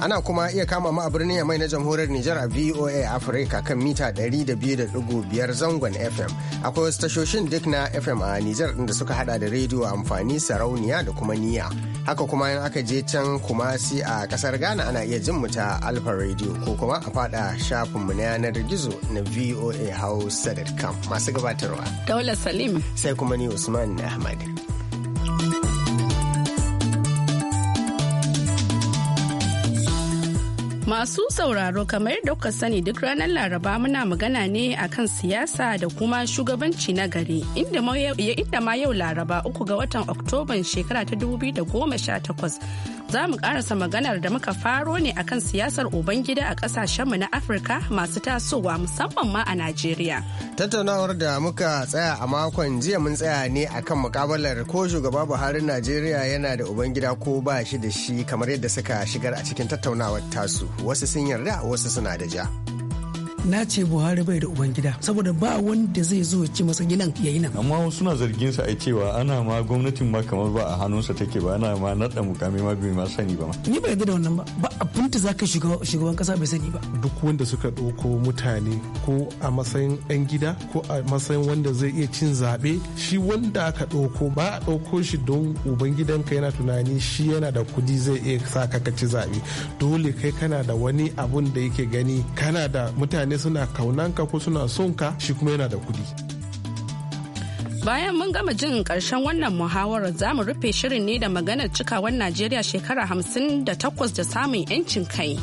Ana kuma iya kama mu a birnin Yamai na jamhuriyar Nijar a VOA Africa kan mita 200.5 zangon FM. Akwai wasu tashoshin duk na FM a Nijar da suka hada da rediyo amfani sarauniya da kuma niya. Haka kuma in aka je can kuma si a kasar Ghana ana iya jin mu ta Alfa Radio ko kuma a fada shafinmu na yanar gizo na VOA Hausa.com masu gabatarwa. Daula Salim. Sai kuma ni Usman Ahmad. Masu sauraro kamar yadda kuka sani duk ranar Laraba muna magana ne akan siyasa da kuma shugabanci na gari inda ma yau Laraba uku ga watan Oktoban shekara ta 2018 za mu karasa maganar da muka faro ne akan siyasar Ubangida a kasashenmu na Afirka masu tasowa musamman ma a Najeriya. Tattaunawar da muka tsaya a makon jiya mun tsaya ne a kan mukabalar ko shugaba Buhari Najeriya yana da Ubangida ko ba shi da shi kamar yadda suka shigar a cikin tattaunawar tasu wasu sun yarda wasu suna da ja. na ce buhari bai da ubangida saboda ba wanda zai zo ci masa ginan yayi nan amma wasu suna zargin sa a cewa ana ma gwamnatin ma kamar ba a hannunsa take ba ana ma nada mukami ma bai ma sani ba ni bai yarda da wannan ba ba a punta zaka shiga shugaban kasa bai sani ba duk wanda suka ɗauko mutane ko a matsayin ɗan gida ko a matsayin wanda zai iya cin zaɓe shi wanda aka ɗauko ba a ɗauko shi don ka yana tunani shi yana da kudi zai iya sa ka ci zaɓe dole kai kana da wani abun da yake gani kana da mutane mutane suna kaunanka ko suna ka shi kuma yana da kuɗi. Bayan mun gama jin ƙarshen wannan muhawarar za mu rufe shirin ne da maganar cikawar Najeriya shekara hamsin da takwas da samun 'yancin kai.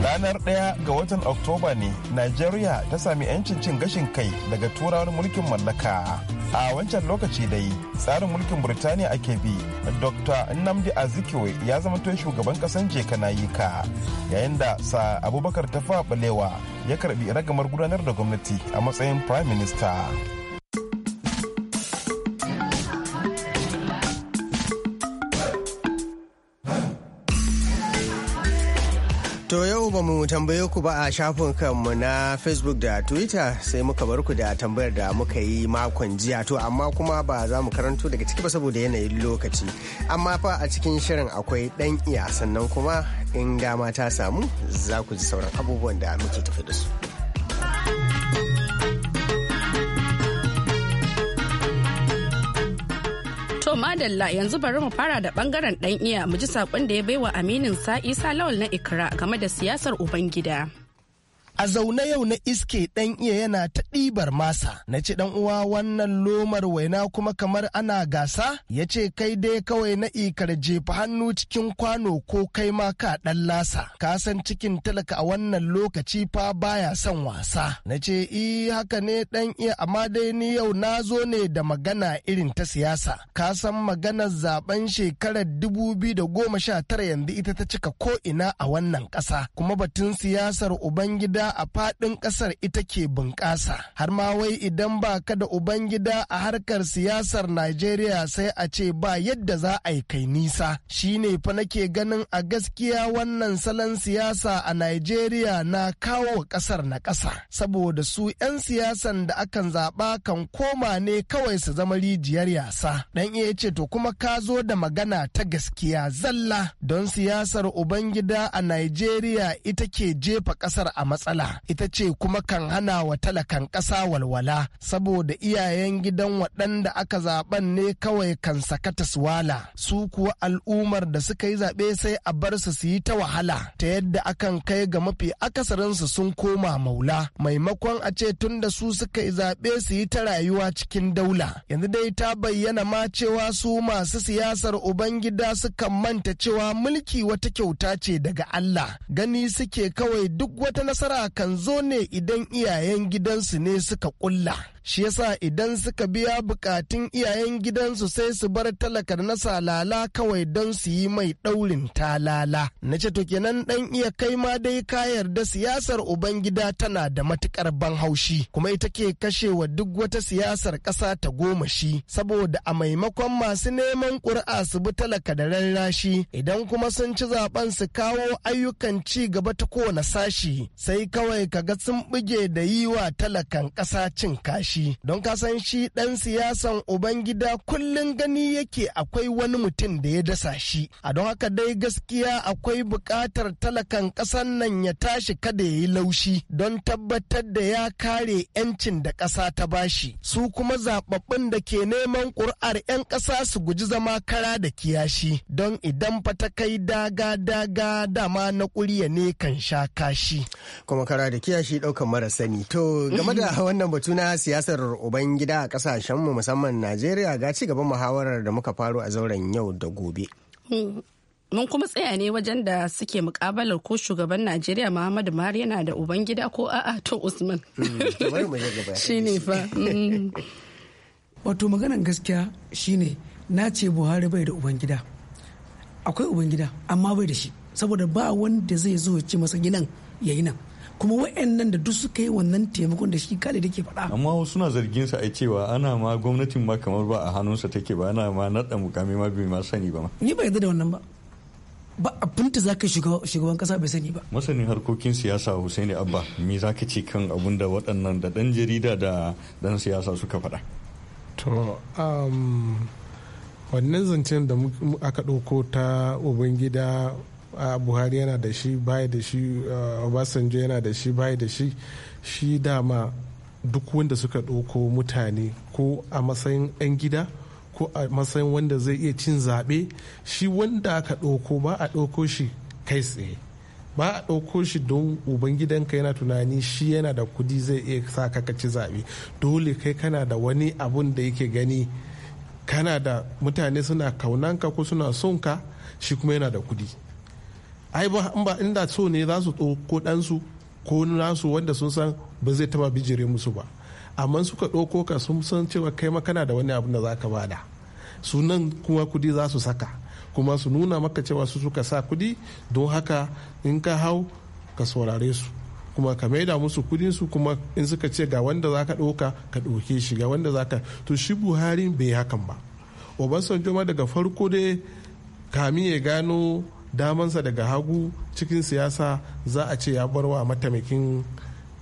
Ranar ɗaya ga watan Oktoba ne, Najeriya ta sami 'yancin cin gashin kai daga turawar mulkin mallaka. a wancan lokaci dai tsarin mulkin burtaniya ake bi dr nnamdi azikiwe ya zama to shugaban kasan jeka nayika yayin da sa abubakar tafa balewa ya karbi ragamar gudanar da gwamnati a matsayin prime minister To yau ba mu tambaye ku ba a shafin kanmu na Facebook da Twitter sai muka bar ku da tambayar da muka yi makon jiya to amma kuma ba za mu karanto daga ciki ba saboda yanayin lokaci. Amma fa a cikin shirin akwai ɗan iya sannan kuma in dama ta samu za ku ji sauran abubuwan da muke tafi da su. madalla yanzu bari mu fara da bangaren dan iya mu ji sakon da ya baiwa aminin sa isa lawal na ikra game da siyasar ubangida. a zaune yau na iske ɗan iya yana ta ɗibar masa na ci ɗan uwa wannan lomar waina kuma kamar ana gasa ya ce kai dai kawai na ikar jefa hannu cikin kwano ko kai ma ka ɗan lasa ka san cikin talaka a wannan lokaci fa baya son wasa na ce i haka ne dan iya amma dai ni yau na zo ne da magana irin ta siyasa ka san maganar zaben shekarar dubu biyu da goma sha tara yanzu ita ta cika ko ina a wannan ƙasa kuma batun siyasar ubangida a faɗin ƙasar ita ke bunƙasa har ma wai idan ba ka da ubangida a harkar siyasar najeriya sai a ce ba yadda za a yi kai nisa shine fa nake ganin a gaskiya wannan salon siyasa a najeriya na kawo ƙasar na ƙasa saboda su 'yan siyasan da akan zaɓa kan koma ne kawai su zama rijiyar yasa dan iya ce to kuma ka zo da magana ta gaskiya zalla don siyasar ubangida a najeriya ita ke jefa ƙasar a matsala matsala ita ce kuma kan hana wa talakan ƙasa walwala saboda iyayen gidan waɗanda aka zaɓen ne kawai kan sakata suwala su kuwa al'ummar da suka yi zaɓe sai a bar su su yi ta wahala ta yadda akan kai ga mafi akasarin su sun koma maula maimakon a ce tun da su suka yi zaɓe su yi ta rayuwa cikin daula yanzu dai ta bayyana ma cewa su masu siyasar ubangida sukan manta cewa mulki wata kyauta ce daga Allah gani suke kawai duk wata nasara kan zo ne idan iyayen gidansu ne suka kulla. Shi yasa idan suka biya bukatun iyayen gidansu sai su bar talaka na salala kawai don su yi mai ɗaurin talala. Na ce to kenan ɗan iya kai ma dai ka yarda siyasar Ubangida tana da matukar ban haushi kuma ita ke kashewa duk wata siyasar ƙasa ta goma shi saboda a maimakon masu neman ƙuri'a su bi talaka da rarrashi idan kuma sun ci zaben su kawo ayyukan ci gaba ta kowane sashi sai ka kawai ka ga sun buge da yi wa talakan ƙasa cin kashi don kasan shi ɗan siyasan ubangida kullum gani yake akwai wani mutum da ya dasa shi a don haka dai gaskiya akwai buƙatar talakan ƙasan nan ya tashi kada ya yi laushi don tabbatar da ya kare 'yancin da ƙasa ta bashi su kuma zaɓaɓɓun da ke neman ƙuri'ar 'yan ƙasa su guji zama kara da kiyashi don idan fa ta kai daga daga dama na ƙuriya ne kan sha kashi. makara da kiyashi ɗaukan mara sani. To game da wannan batu na siyasar Ubangida a mu musamman Najeriya ga ci gaban muhawarar da muka faro a zauren yau da gobe. Mun kuma tsaya ne wajen da suke mukabalar ko shugaban Najeriya Muhammadu Buhari yana da Ubangida ko a'a to Usman. Mm, shi fa. Mm. Wato maganan gaskiya shine na ce Buhari bai da Ubangida. Akwai Ubangida amma bai da shi. saboda ba wanda zai zo ci masa gidan ya yi nan kuma wa'annan da duk suka yi wannan taimakon da shi kale da ke faɗa. amma wasu na zargin sa ai cewa ana ma gwamnatin ma kamar ba a hannunsa take ba ana ma naɗa mukami ma bai ma sani ba ni ba yarda da wannan ba ba a da za ka shugaban kasa bai sani ba. masanin harkokin siyasa Husaini Abba me za ka ce kan abun da waɗannan da ɗan jarida da ɗan siyasa suka faɗa. to um, wannan zancen da aka ɗauko ta ubangida buhari yana da shi baya da shi obasanjo yana da shi baya da shi shi dama duk wanda suka ɗauko mutane ko a matsayin 'yan gida ko a matsayin wanda zai iya cin zaɓe shi wanda aka ɗauko ba a ɗauko shi kai tsaye ba a ɗauko shi don ubangidanka yana tunani shi yana da kudi zai iya sa ka ci zaɓe dole kai kana da wani abun da yake gani kana da mutane suna kaunanka ko suna son ka shi kuma yana da kudi ai ba in ba inda so ne za su ɗauko ɗansu ko nasu wanda sun san ba zai taba bijire musu ba amma suka ɗauko ka sun san cewa kai makana da wani abu da za ka bada sunan kuma kudi za su saka kuma su nuna maka cewa su suka sa kudi don haka in ka hau ka saurare su kuma ka maida musu kudin su kuma in suka ce ga wanda za ka ɗauka ka ɗauke shi ga wanda za ka to shi buhari bai hakan ba obasanjo ma daga farko dai kami ya gano damansa daga hagu cikin siyasa za a ce ya bar wa mataimakin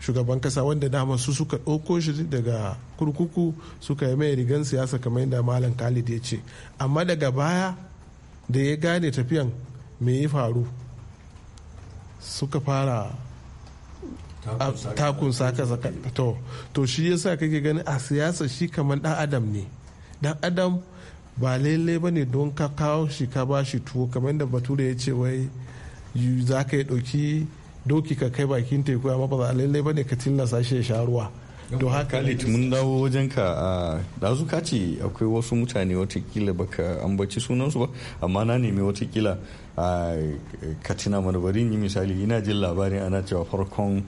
shugaban kasa wanda dama su suka ɗauko shi daga kurkuku suka yi mai rigan siyasa kamar yadda malam khalid ya ce amma daga baya da ya gane tafiyan me ya faru suka fara takun saka to to shi yasa kake ganin a siyasa shi kamar dan adam ne dan adam ba lalle ba ne don ka kawo shi ka ba shi tuwo kamar da bature ya ce wai za ka yi ɗauki doki ka kai bakin teku amma ba lalle ba ne ka tilasta shi ya sha ruwa don haka ne mun dawo wajen ka a dazu ka ce akwai wasu mutane watakila baka ambaci sunansu ba amma na nemi watakila a katina marbarin yi misali ina jin labarin ana cewa farkon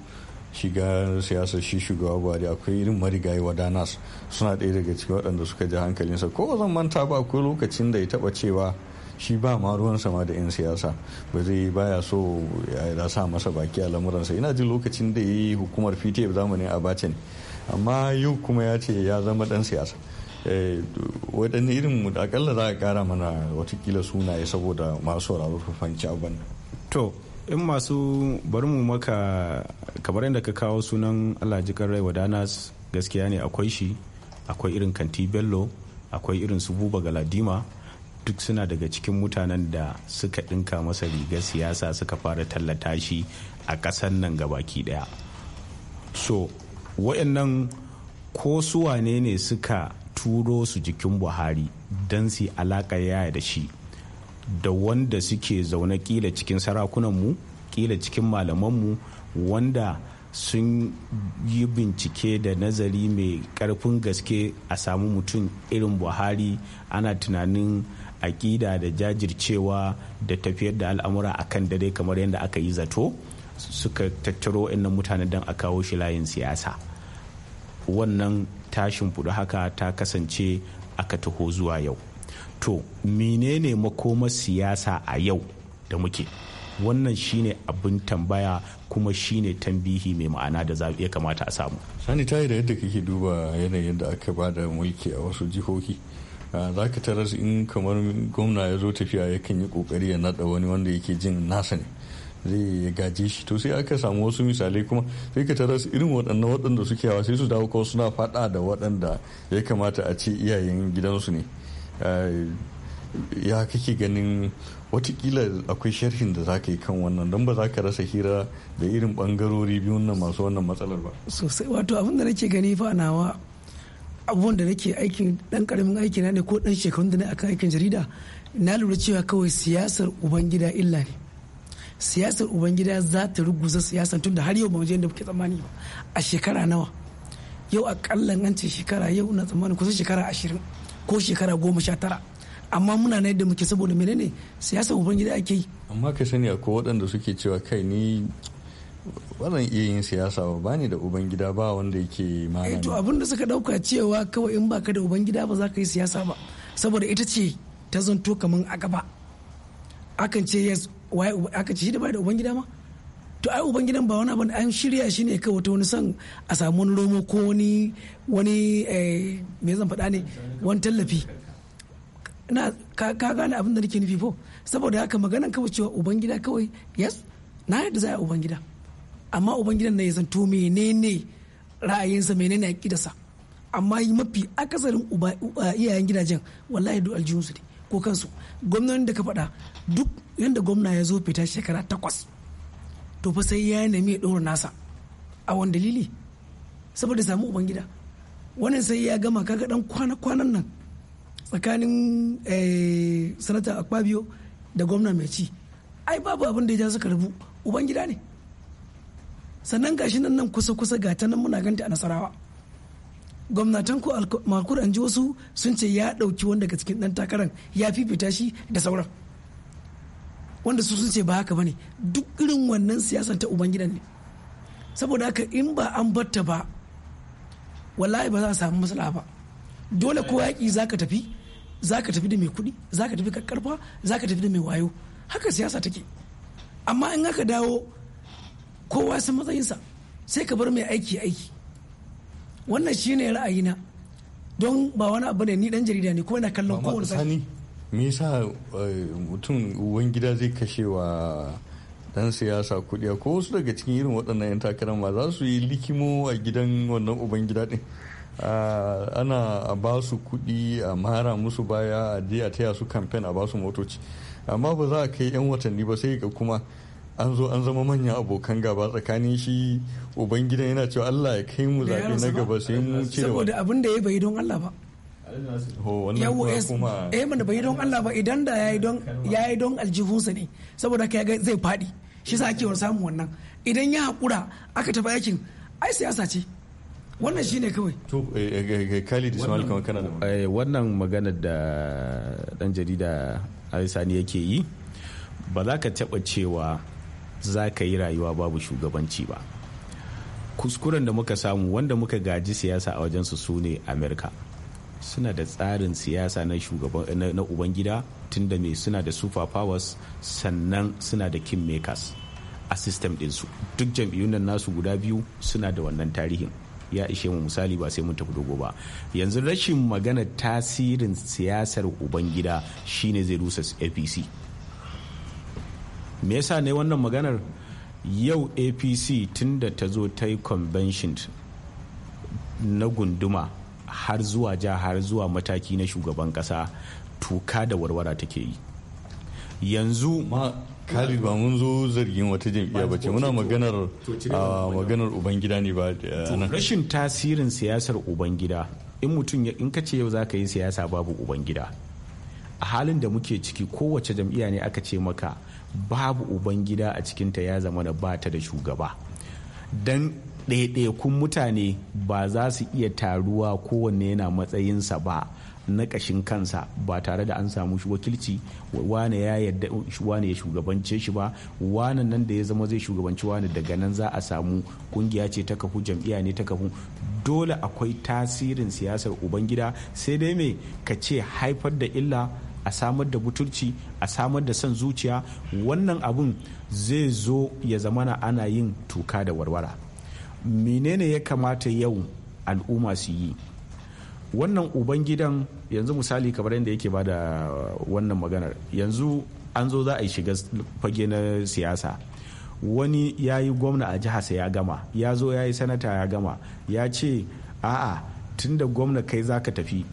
shiga siyasa shi shugaba buhari akwai irin marigayi danas suna ɗaya daga cikin waɗanda suka ji hankalinsa ko zan manta ba akwai lokacin da ya taɓa cewa shi ba ma ruwan sama da 'yan siyasa ba zai baya so ya sa masa baki a lamuransa ina ji lokacin da ya yi hukumar fite zamanin abace ne amma yau kuma ya ce ya zama ɗan siyasa eh, waɗanne irin akalla za a ƙara mana watakila sunaye saboda masu sauraro fahimci abin to in masu bari mu maka kamar yadda ka kawo sunan alhajikan rai wadanas gaskiya ne akwai shi akwai irin kanti bello akwai irin su buba galadima duk suna daga cikin mutanen da suka dinka masa rigar siyasa suka fara tallata shi a ƙasar nan gabaki ɗaya so wayannan ko su wane ne suka turo su jikin buhari don su alaƙa yaya da shi da wanda suke zaune kila cikin sarakunanmu kila cikin malamanmu wanda sun yi bincike da nazari mai karfin gaske a samu mutum irin buhari ana tunanin aƙida da jajircewa da tafiyar da al'amura a kan dare kamar yadda aka yi zato suka tattaro innan mutane don a kawo shi layin siyasa wannan tashin fudu haka ta kasance aka taho zuwa yau to menene makoma siyasa a yau da muke wannan shine abin tambaya kuma shine tambihi mai ma'ana da ya kamata a samu sani yi da yadda kake duba yanayin da aka ba da mulki a wasu jihohi ah, za ka taras in kamar gwamna ya zo tafiya yakan yi kokari ya nada wani wanda yake jin nasa ne zai gaje shi to sai aka samu wasu misalai kuma sai ka taras irin waɗannan waɗanda suke hawa sai su dawo kawai suna faɗa da waɗanda ya kamata a ce iyayen gidansu ne Eh, ya kake ganin watakila akwai sharhin da za ka yi kan wannan don ba za ka rasa hira da irin bangarori biyun na masu wannan matsalar ba sosai wato abin da nake gani fa nawa abubuwan da nake aikin dan karamin aiki na ne ko dan shekarun da na akan aikin jarida na lura cewa kawai siyasar ubangida illa ne siyasar ubangida za ta ruguza siyasar tun da har yau ba mu je inda muke tsammani ba a shekara nawa yau akalla an ce shekara yau na tsammani kusan shekara ashirin ko shekara goma sha tara amma muna na yadda muke saboda menene siyasar ubangida ake yi amma ka sani akwai waɗanda suke cewa kai ni wannan iya yin siyasa ba bani da ubangida ba wanda yake magana eh, to abin da suka dauka cewa kawai in baka da ubangida ba za ka yi siyasa ba saboda ita ce ta zanto kaman a gaba akan ce yes akan ce shi da bai da ubangida ma to ai ubangidan ba wani abu an shirya shi ne kawai ta wani son a samu wani romo ko wani wani eh, me zan faɗa ne wani tallafi na ka gane abin da nake nufi fo saboda haka maganan kawai cewa ubangida kawai yes na yadda za a ubangida amma ubangidan na ya zanto menene ra'ayinsa menene sa amma mafi akasarin iyayen gidajen wallahi duk aljihunsu ne ko kansu gwamnonin da ka faɗa duk yadda gwamna ya zo fita shekara takwas to fa sai ya nemi ya ɗora nasa a wani dalili saboda samu ubangida wannan sai ya gama kaga dan kwana-kwanan nan tsakanin eh, sanata akpabio da gwamna mai ci ai babu abin da ya ja suka rabu ubangida ne sannan gashi nan nan kusa-kusa ga ta nan muna ganta a nasarawa gwamnatan ko makur an ji wasu sun ce ya ɗauki wanda daga cikin ɗan takarar ya fifita shi da sauran wanda su sun ce ba haka bane duk irin wannan siyasan ta ubangidan ne saboda haka in ba an batta ba wallahi ba za a samu matsala ba dole ko yaƙi za ka tafi za ka tafi da mai kuɗi za ka tafi karfa za ka tafi da mai wayo haka siyasa take amma in aka dawo kowa san matsayinsa sai ka bar mai aiki aiki wannan shine ra'ayina don ba wani abu ne ni dan jarida ne ko ina kallon kowane sani me yasa eh, mutum uwan gida zai kashe wa dan siyasa kuɗi ko wasu daga cikin irin waɗannan 'yan takarar ma za su yi likimo a gidan wannan uban gida ɗin ana a ba su kuɗi a mara musu baya a je a taya su kamfen a ba su motoci amma ba za a kai 'yan watanni ba sai ga kuma an zo an zama manyan abokan gaba tsakanin shi uban gidan yana cewa Allah ya kai mu zaɓe na gaba sai mu cire saboda abin da ya bai don Allah ba yawo eh mana bai don Allah ba idan da yayi don yayi don aljihunsa ne saboda kai ga zai fadi shi sa ake samun wannan idan ya hakura aka tafi aikin ai siyasa ce wannan shine kawai to kali da shi kana da eh, wannan maganar da dan jarida Sani yake yi ba za ka taba cewa za ka yi rayuwa babu shugabanci ba kuskuren da muka samu wanda muka gaji siyasa a wajensu su ne amerika suna da tsarin siyasa na shugaban na ubangida tunda mai suna da super powers sannan suna da king makers a system su duk jam'iyyun nan nasu guda biyu suna da wannan tarihin ya ishe mu misali ba sai mun tafi dogo ba yanzu rashin magana tasirin siyasar ubangida shine zai rusa apc me yasa ne wannan maganar yau apc tunda ta zo ta yi convention na gunduma har zuwa ja har zuwa mataki na shugaban kasa tuka da warwara take yi yanzu kari ba mun zo zargin wata jam'iyya ba ce muna maganar ah, maganar ubangida ne ba eh, rashin tasirin siyasar ubangida in mutum in ka ce yau za ka yi siyasa babu ubangida a halin da muke ciki kowace jam'iyya ne aka ce maka babu ubangida a cikinta ya zama da bata da shugaba dan ɗaiɗaikun mutane ba za su iya taruwa kowanne yana matsayinsa ba na ƙashin kansa ba tare da an samu shi wakilci wane ya wane ya shugabance shi ba wane nan da ya zama zai shugabanci wane daga nan za a samu ƙungiya ce ta kafu jam'iyya ne ta kafu dole akwai tasirin siyasar ubangida sai dai me ka ce haifar da illa a samar da butulci a samar da son zuciya wannan abun zai zo ya zamana ana yin tuka da warwara menene ya kamata yau al'umma su yi wannan ubangidan yanzu misali kamar yadda yake ba da wannan maganar yanzu an zo za a yi shiga fage na siyasa wani ya yi gwamna a jihasa ya gama ya zo ya yi sanata ya gama ya ce a'a tun da gwamna kai za ka tafi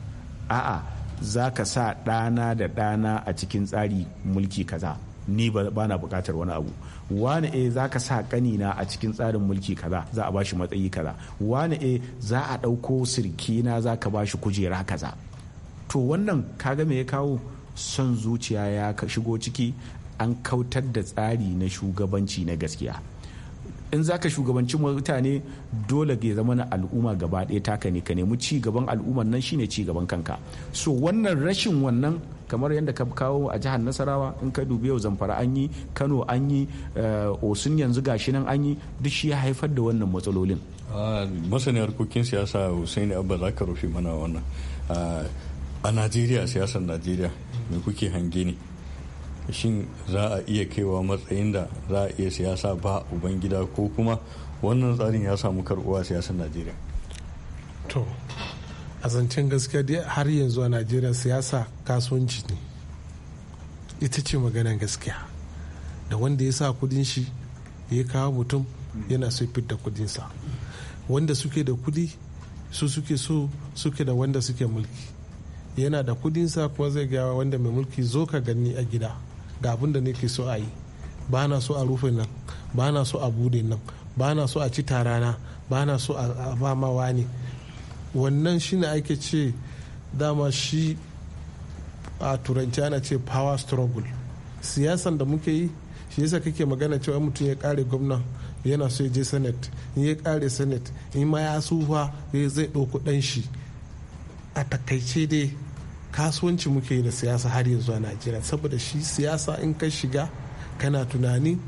a'a za ka sa ɗana da ɗana a cikin tsari mulki kaza ni ba na buƙatar wani abu wani e eh za ka sa kanina a cikin tsarin mulki kaza za a bashi matsayi kaza wani e eh za a ɗauko sirkina za ka bashi kujera kaza to wannan kaga me ya kawo son zuciya ya shigo ciki an kautar da tsari na shugabanci na gaskiya in za ka shugabanci mutane dole ya zama na al'umma gaba ɗaya taka ne ka nemi ci gaban al'ummar nan shine ci gaban kanka so wannan rashin wannan kamar yadda ka kawo a jihar nasarawa in ka dubi yau zamfara an yi kano an yi eh, osun yanzu gashi nan an yi duk shi ya haifar da wannan matsalolin ah, masaniyar harkokin siyasa hussaini abba za ka rufe mana wannan ah, a najeriya siyasar najeriya me kuke hange ne shin za a iya kaiwa matsayin da za a iya siyasa ba ubangida ko kuma wannan tsarin ya samu karbuwa siyasar najeriya to a zancen gaskiya dai har yanzu a najeriya siyasa kasuwanci ne ita ce maganan gaskiya da wanda ya sa kudin shi ya kawo mutum yana so fit da kudinsa wanda suke da kudi su suke so suke da wanda suke mulki yana da kudinsa kuma zai gaya wanda mai mulki zo ka gani a gida ga abin da nake so a yi ba na so a rufe nan ba na so a bude nan ba na so a ci tarana ba na so a ba ma wani wannan shi ne ake ce dama shi a turanci ana ce power struggle siyasan da muke yi shi yasa kake magana cewa mutum ya kare gwamna yana so ya je senate in ya kare senate in ma ya tsufa zai ɗauko ɗan shi a takaice dai kasuwanci muke yi da siyasa har yanzu a najeriya saboda shi siyasa in ka shiga kana tunani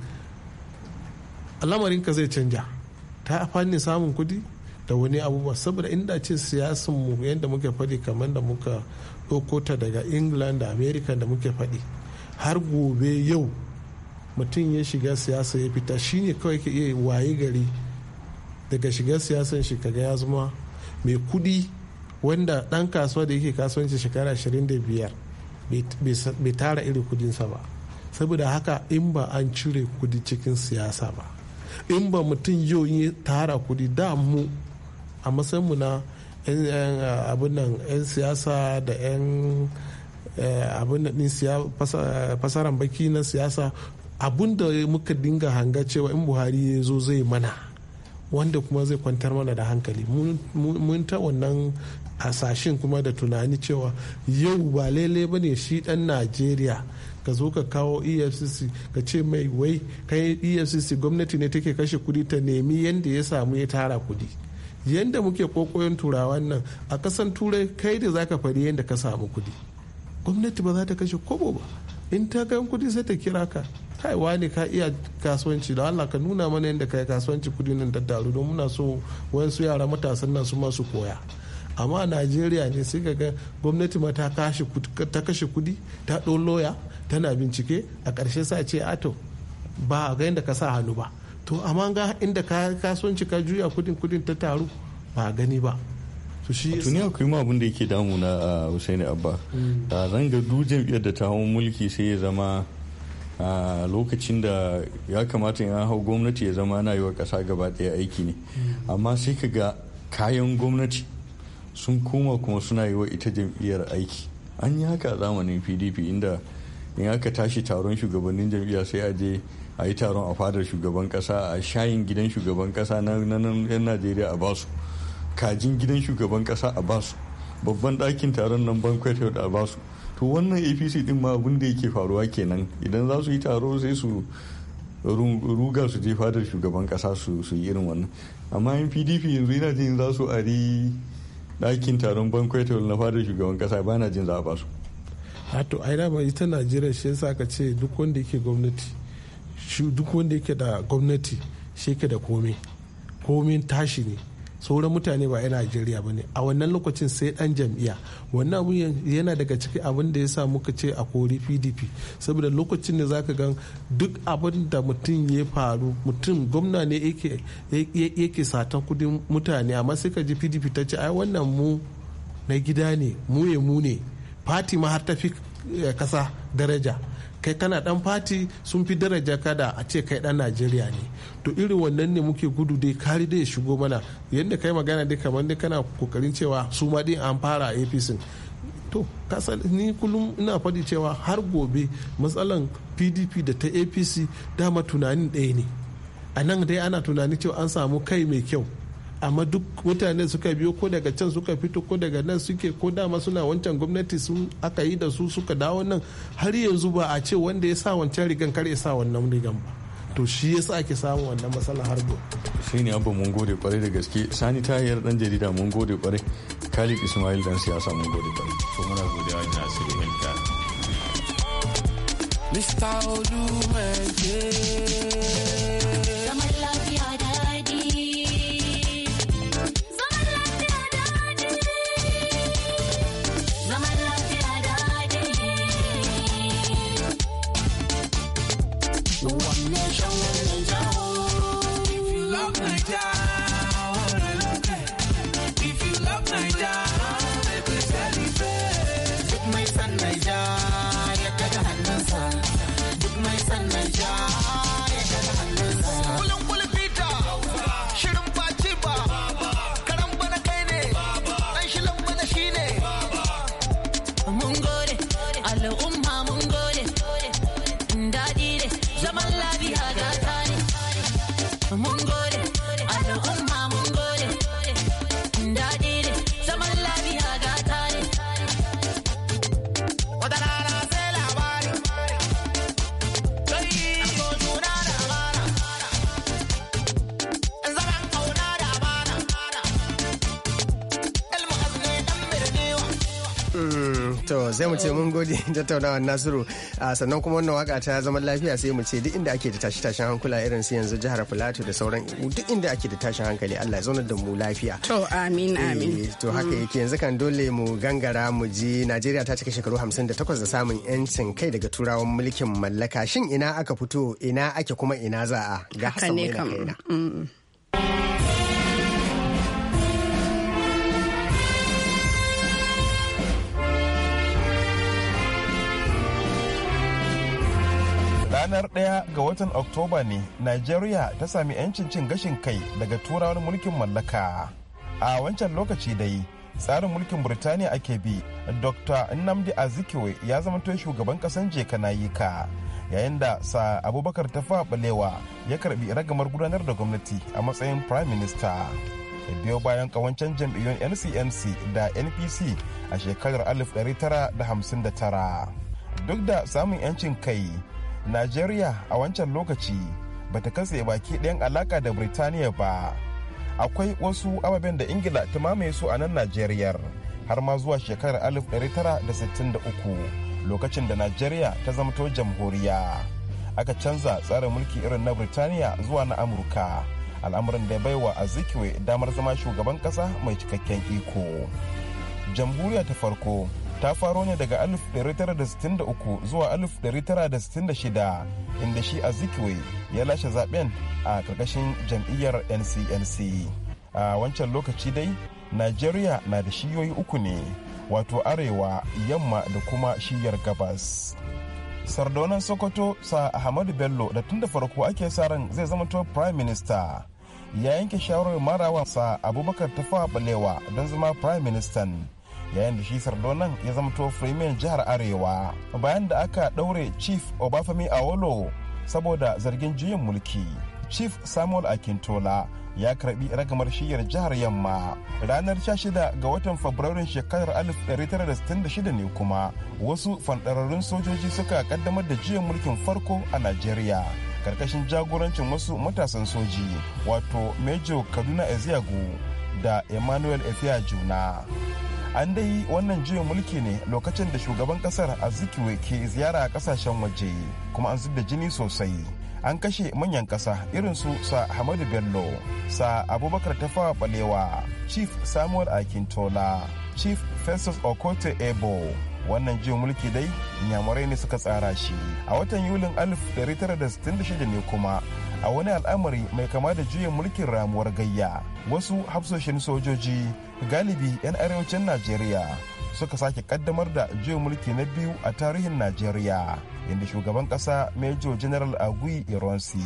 al'amarinka zai canja ta fannin samun kuɗi. da wani abubuwa saboda inda ce siyasan mu yadda muke faɗi kamar da muka ɗauko ta daga england da america da muke faɗi har gobe yau mutum ya shiga siyasa ya fita shine kawai ke iya waye gari daga shiga siyasan shi kaga ya zama mai kudi wanda ɗan kasuwa da yake kasuwanci shekara 25 bai tara irin kudinsa ba saboda haka in ba an cire kudi cikin siyasa ba in ba mutum yau ya tara kudi da mu a mu na abin nan 'yan siyasa da 'yan eh, abin da fasaran baki na siyasa abun da muka dinga hanga cewa in buhari ya zo zai mana wanda kuma zai kwantar mana da hankali mun ta wannan hasashen kuma da tunani cewa yau ba lele ba ne shi dan najeriya ka zo ka kawo efcc ka ce mai wai kai efcc gwamnati ne take kashe kudi ta nemi yadda ya samu ya tara kudi yadda muke kokoyon turawan nan a kasan turai kai da zaka faɗi yadda ka samu kuɗi gwamnati ba za ta kashe kobo ba in ta gan kuɗi sai ta kira ka kai wani ka iya kasuwanci da Allah ka nuna mana yadda kai kasuwanci kudi nan da taru don muna so wasu yara matasan nan su masu koya amma a najeriya ne sai ga gwamnati ma ta kashe kudi ta ɗau loya tana bincike a ƙarshe sa ce ato ba ga yadda ka sa hannu ba to amma ga inda ka kasuwanci ka juya kudin kudin ta taru ba gani ba to shi akwai abin da yake damu a Hussein Abba mm. da zanga du jam'iyyar da ta hawo mulki sai ya zama a lokacin da ya kamata in hau gwamnati ya zama ana yiwa wa ƙasa gaba daya aiki ne mm. amma sai ka ga kayan gwamnati sun koma kuma suna yiwa ita jam'iyyar aiki an yi haka a zamanin pdp inda in aka tashi taron shugabannin jam'iyya sai a je a yi taron a fadar shugaban kasa a shayin gidan shugaban kasa na nan yan najeriya a basu kajin gidan shugaban kasa a basu babban ɗakin taron nan banquet hall a basu to wannan apc din ma abin da yake faruwa kenan idan za su yi taro sai su ruga su je fadar shugaban kasa su yi irin wannan amma yan pdp yanzu yana jin za su ari dakin taron banquet hall na fadar shugaban kasa ba na jin za a basu a to ai ita najeriya shi yasa ka ce duk wanda yake gwamnati shi duk wanda yake da gwamnati shi yake da komai komai tashi ne sauran mutane ba 'yan najeriya ba ne a wannan lokacin sai dan jam'iyya wannan abu yana daga ciki abin da ya sa muka ce a kori pdp saboda lokacin da zaka gan duk abin da mutum ya faru mutum gwamna ne yake satan kudin mutane amma sai ka ji pdp ta ce ai wannan mu na gida ne mu ya mu ne fati ma har ta fi kasa eh, daraja kai kana dan fati sun fi daraja kada a ce kai dan najeriya ne to irin wannan ne muke gudu dai kari dai shigo mana yadda kai magana dai kamar dai kana kokarin cewa su ma dai an fara apc to kasar ni kullum ina faɗi cewa har gobe matsalan pdp da ta apc dama tunanin ɗaya ne a nan dai ana tunanin cewa an samu kai mai kyau amma duk mutane suka biyo ko daga can suka fito ko daga nan suke ko dama suna wancan gwamnati sun aka yi da su suka dawo nan har yanzu ba a ce wanda ya sa wancan rigan kar ya sa wannan rigan ba to shi ya sa ake samun wannan matsala har shi ne abu mun gode kwarai da gaske sani tahiyar dan jarida mun gode kwarai khalid ismail dan siyasa mun gode kwarai to muna gode wa nasiru Mr. ce mun gode tattaunawar nasiru sannan kuma wannan waka ta zaman lafiya sai mu ce duk inda ake da tashi tashin hankula irin su yanzu jihar filato da sauran duk inda ake da tashin hankali allah ya zaunar da mu lafiya to amin eh, amin to haka mm. yake yanzu kan dole mu gangara mu ji najeriya ta cika shekaru 58 da samun yancin kai daga turawan mulkin mallaka shin ina aka fito ina ake kuma ina za a ga hasan mai ranar ɗaya ga watan oktoba ne nigeria ta sami 'yancin cin gashin kai daga turawan mulkin mallaka a wancan lokaci dai tsarin mulkin burtaniya ake bi dr nnamdi azikiwe ya zama zamanto shugaban kasan jeka nayika yayin da sa abubakar tafa balewa ya karbi ragamar gudanar da gwamnati a matsayin prime minister biyo bayan kawancen jam'iyyun ncnc da npc a shekarar 1959 duk da samun 'yancin kai najeriya a wancan lokaci bata katse baki ɗayan alaka da birtaniya ba akwai wasu ababen da ingila ta mamaye su a nan najeriya har ma zuwa shekarar 1963 lokacin da najeriya ta zamto jamhuriya aka canza tsarin mulki irin na birtaniya zuwa na amurka al'amarin da bai wa azikiwe damar zama shugaban kasa mai cikakken iko jamhuriya ta farko ta faro ne daga 1963 zuwa 1966 inda shi a zikiwe ya lashe zaben a karkashin jam'iyyar ncnc a wancan lokaci dai najeriya na da shiyoyi uku ne wato arewa yamma da kuma shiyar gabas sardaunan sokoto sa ahmadu bello da tun da farko ake sa ran zai zama to prime minister ya yanke shawarar marawa sa abubakar tafawa balewa don zama prime minister yayin da shi sardonan ya zama to freeman jihar arewa bayan da aka daure chief obafemi awolo saboda zargin juyin mulki chief samuel akintola ya karbi ragamar shiyar jihar yamma ranar 16 ga watan fabrairun shekarar 1966 ne kuma wasu fanɗararrun sojoji suka kaddamar da jiyan mulkin farko a nigeria karkashin jagorancin wasu matasan soji wato mejo kaduna eziagu da emmanuel efiya juna an dai wannan juyin mulki ne lokacin da shugaban kasar azikiwe ke ziyara a kasashen waje kuma an da jini sosai an kashe manyan kasa irin su sa hamadu bello sa abubakar tafawa balewa chief samuel akintola chief festus okote ebo wannan jiyo mulki dai nyamurai ne suka tsara shi a watan yulin 1966 ne kuma a wani al'amari mai kama da juyin mulkin ramuwar gayya wasu hafsoshin sojoji galibi 'yan arewacin najeriya suka sake kaddamar da juya mulki na biyu a tarihin najeriya inda shugaban kasa major general agui ironsi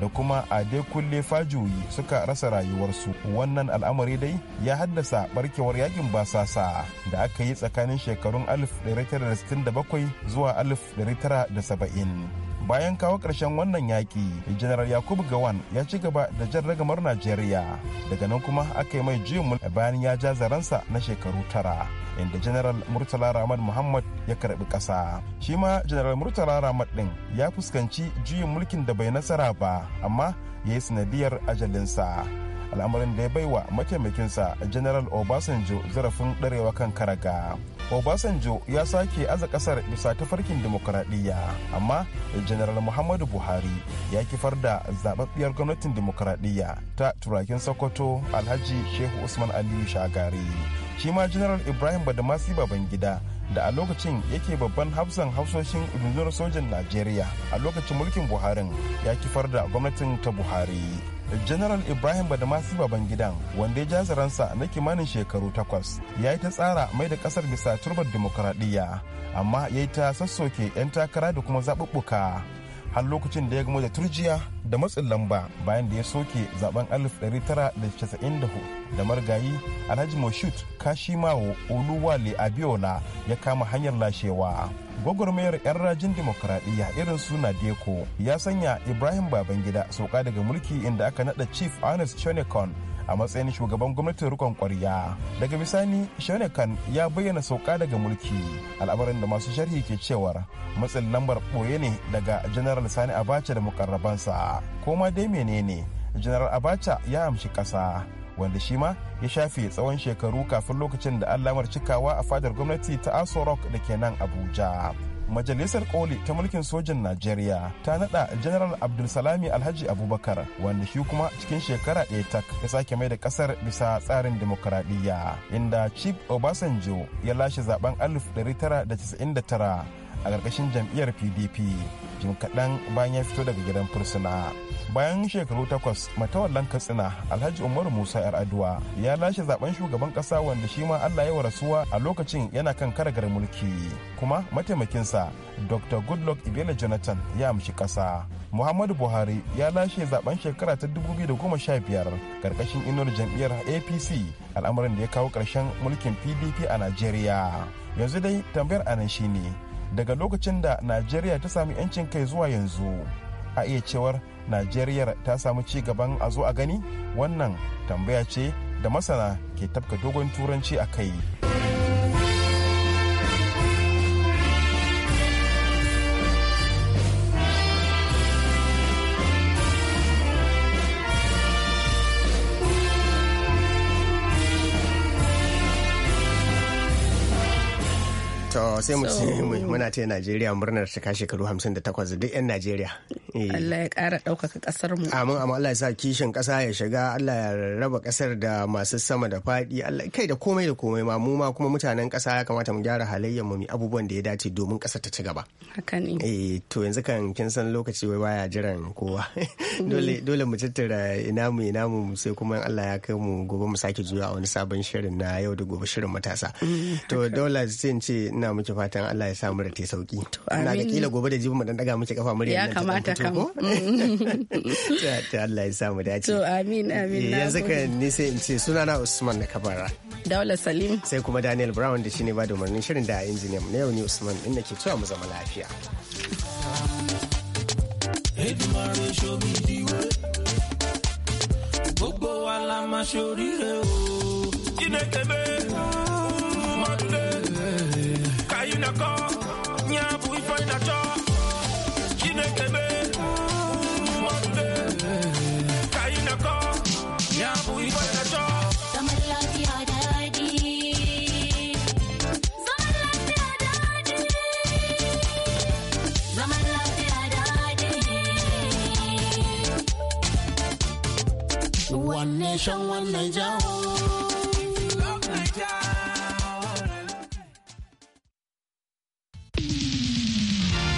da kuma adekunle fajoyi suka rasa rayuwarsu wannan al'amari dai ya haddasa barkewar yakin basasa da aka yi tsakanin shekarun 1967 zuwa 1970 bayan kawo ƙarshen wannan yaƙi general yakubu gawan ya ci gaba da jan ragamar najeriya daga nan kuma aka yi mai juyin bayan ya ja zaransa na shekaru tara inda general murtala ramad muhammad ya karbi ƙasa, shi ma general murtala ramad din ya fuskanci juyin mulkin da bai nasara ba amma ya yi sanadiyar ajalinsa al'amarin da ya baiwa mataimakinsa general obasanjo zarafin ɗarewa kan karaga Obasanjo ya sake aza kasar bisa tafarkin demokuraɗiyya amma General Muhammadu Buhari ya kifar da zababbiyar gwamnatin demokuraɗiyya ta turakin Sokoto Alhaji Shehu Usman Aliyu Shagari. Shi ma General Ibrahim Badamasi Babangida da a lokacin yake babban hafsan hausoshin rundunar sojan Najeriya a lokacin mulkin buhari ya kifar da gwamnatin ta Buhari. general ibrahim badamasi baban gidan wanda ya jazaransa na kimanin shekaru takwas ya yi ta tsara mai da kasar bisa turbar demokuraɗiyya amma ya yi ta sassoke 'yan takara da kuma zaɓuɓɓuka har lokacin da ya gama da turjiya da matsin lamba bayan da ya soke zaben 1994 da margayi alhaji moshut kashimawo oluwale abiola ya kama hanyar lashewa gwagwarmayar 'yan rajin demokuraɗiyya irin suna deko ya sanya ibrahim babangida sauka daga mulki inda aka nada chief honest chenekon a matsayin shugaban gwamnatin rikon kwarya daga bisani shanekan ya bayyana sauka daga mulki al'amarin da masu sharhi ke cewar matsin lambar ɓoye ne daga general sani abacha da mukarrabansa ko ma dai menene general abacha ya amshi kasa wanda shi ma ya shafe tsawon shekaru kafin lokacin da an lamar cikawa a fadar gwamnati ta aso rock da ke nan abuja majalisar koli ta mulkin sojan najeriya ta nada general abdulsalami alhaji abubakar wanda shi kuma cikin shekara ɗaya tak ya sake mai da kasar bisa tsarin demokuraɗiyya inda chief obasanjo ya lashe zaben 1999 a ƙarƙashin jam'iyyar pdp jim kaɗan bayan ya fito daga gidan fursuna bayan shekaru takwas matawallan katsina alhaji umaru musa yar aduwa ya lashe zaben shugaban kasa wanda shi ma allah ya rasuwa a lokacin yana kan karagar mulki kuma mataimakinsa dr goodluck ibela jonathan ya amshi kasa muhammadu buhari ya lashe zaben shekara ta da sha biyar karkashin inuwar jam'iyyar apc al'amarin da ya kawo karshen mulkin pdp a najeriya yanzu dai tambayar anan shine daga lokacin da najeriya ta sami 'yancin kai zuwa yanzu a iya cewar najeriya ta samu ci gaban a zo a gani wannan tambaya ce da masana ke tafka dogon turanci a kai To sai mu ce muna ta Najeriya murnar cika shekaru 58 duk 'yan Najeriya. Eh. Allah ya ƙara ɗaukaka ƙasar mu. Amin amma Allah ya sa kishin ƙasa ya shiga Allah ya raba ƙasar da masu sama da faɗi Allah kai da komai da komai ma mu ma kuma mutanen ƙasa ya kamata mu gyara halayyar mu abubuwan da ya dace domin ƙasar ta ci gaba. Haka ne. Eh to yanzu kan kin san lokaci wai baya jiran kowa. Mm. dole dole mu tattara ina mu ina mu sai kuma Allah ya kai mu gobe mu sake zuwa a wani sabon shirin na yau da gobe shirin matasa. Mm, to dole sai ce ina miki fatan Allah ya sa mu da ta sauki. To amin. Ina ga kila gobe da jibi mu dan daga miki kafa murya. Ya kamata. wato ko ta Allah ya samu dace to amin amin yanzu ka ni sai in ce suna na Usman na Kabara Daula Salim sai kuma Daniel Brown da shine ba da umarnin shirin da injiniyan na yau ne Usman din nake cewa mu zama lafiya gbogbo wa la ma o. wannan shan wannan jawo